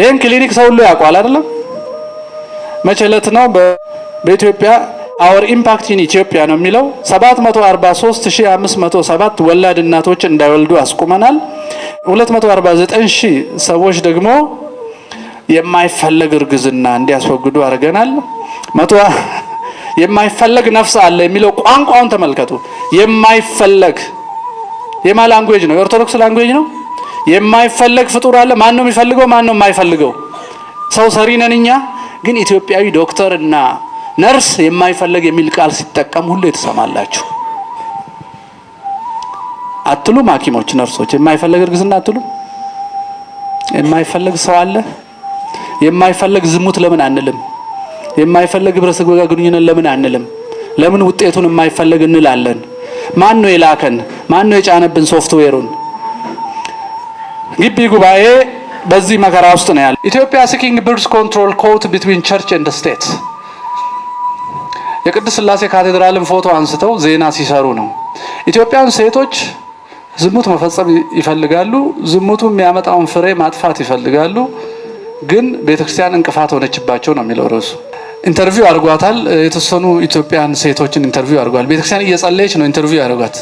ይህን ክሊኒክ ሰው ሁሉ ያውቋል አይደለም? መቼ ዕለት ነው በኢትዮጵያ አወር ኢምፓክት ኢን ኢትዮጵያ ነው የሚለው 743507 ወላድ እናቶች እንዳይወልዱ አስቁመናል። 249000 ሰዎች ደግሞ የማይፈለግ እርግዝና እንዲያስወግዱ አድርገናል። መቶ የማይፈለግ ነፍስ አለ የሚለው ቋንቋውን ተመልከቱ። የማይፈለግ የማ ላንጉዌጅ ነው? የኦርቶዶክስ ላንጉዌጅ ነው። የማይፈለግ ፍጡር አለ። ማን ነው የሚፈልገው? ማን ነው የማይፈልገው? ሰው ሰሪ ነን እኛ። ግን ኢትዮጵያዊ ዶክተር እና ነርስ የማይፈለግ የሚል ቃል ሲጠቀም ሁሉ የተሰማላችሁ አትሉም? ሐኪሞች ነርሶች፣ የማይፈለግ እርግዝና አትሉም? የማይፈለግ ሰው አለ። የማይፈለግ ዝሙት ለምን አንልም? የማይፈለግ ግብረ ስጋ ግንኙነት ለምን አንልም? ለምን ውጤቱን የማይፈለግ እንላለን? ማን ነው የላከን? ማን ነው የጫነብን ሶፍትዌሩን? ግቢ ጉባኤ በዚህ መከራ ውስጥ ነው ያለ። ኢትዮጵያ ሲኪንግ ብርድስ ኮንትሮል ኮት ቢትዊን ቸርች ኤንድ ስቴት። የቅድስት ስላሴ ካቴድራልን ፎቶ አንስተው ዜና ሲሰሩ ነው። ኢትዮጵያን ሴቶች ዝሙት መፈጸም ይፈልጋሉ። ዝሙቱ የሚያመጣውን ፍሬ ማጥፋት ይፈልጋሉ። ግን ቤተክርስቲያን እንቅፋት ሆነችባቸው ነው የሚለው ርዕሱ። ኢንተርቪው አድርጓታል። የተወሰኑ ኢትዮጵያን ሴቶችን ኢንተርቪው አድርጓል። ቤተክርስቲያን እየጸለየች ነው ኢንተርቪው ያደርጓት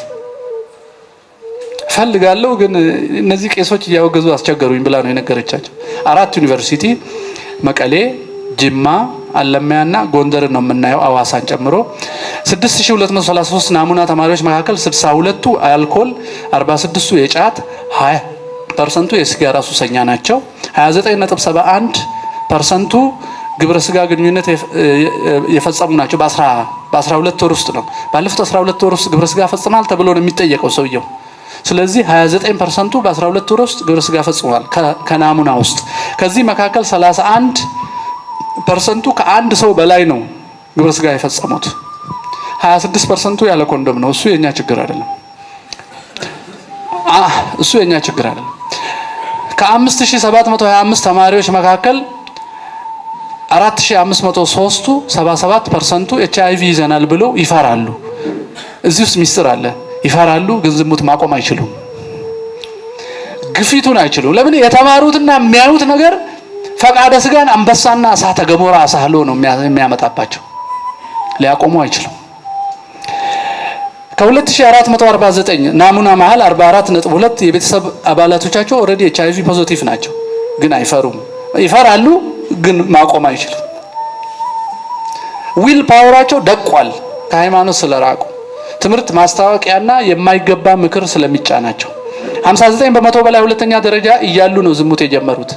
ፈልጋለሁ ግን እነዚህ ቄሶች እያወገዙ አስቸገሩኝ ብላ ነው የነገረቻቸው። አራት ዩኒቨርሲቲ መቀሌ፣ ጅማ፣ አለማያና ጎንደር ነው የምናየው አዋሳን ጨምሮ 6233 ናሙና ተማሪዎች መካከል 62ቱ አልኮል፣ 46ቱ የጫት፣ 20 ፐርሰንቱ የሲጋራ ሱሰኛ ናቸው። 29.71 ፐርሰንቱ ግብረ ስጋ ግንኙነት የፈጸሙ ናቸው። በ12 ወር ውስጥ ነው ባለፉት 12 ወር ውስጥ ግብረ ስጋ ፈጽማል ተብሎ ነው የሚጠየቀው ሰውየው። ስለዚህ 29 ፐርሰንቱ በ12 ወር ውስጥ ግብረ ስጋ ፈጽሟል ከናሙና ውስጥ። ከዚህ መካከል 31 ፐርሰንቱ ከአንድ ሰው በላይ ነው ግብረ ስጋ የፈጸሙት። 26 ፐርሰንቱ ያለ ኮንዶም ነው። እሱ የኛ ችግር አይደለም። እሱ የኛ ችግር አይደለም። ከ5725 ተማሪዎች መካከል 4503ቱ 77 ፐርሰንቱ ኤች አይ ቪ ይዘናል ብለው ይፈራሉ። እዚህ ውስጥ ሚስጥር አለ። ይፈራሉ፣ ግን ዝሙት ማቆም አይችሉም። ግፊቱን አይችሉም። ለምን? የተማሩትና የሚያዩት ነገር ፈቃደ ስጋን አንበሳና እሳተ ገሞራ አሳህሎ ነው የሚያመጣባቸው። ሊያቆሙ አይችሉም። ከ2449 ናሙና መሀል 44.2 የቤተሰብ አባላቶቻቸው ኦልሬዲ ኤች አይቪ ፖዚቲቭ ናቸው፣ ግን አይፈሩም። ይፈራሉ፣ ግን ማቆም አይችሉም። ዊል ፓወራቸው ደቋል፣ ከሃይማኖት ስለራቁ ትምህርት ማስታወቂያና የማይገባ ምክር ስለሚጫናቸው 59 በመቶ በላይ ሁለተኛ ደረጃ እያሉ ነው ዝሙት የጀመሩት።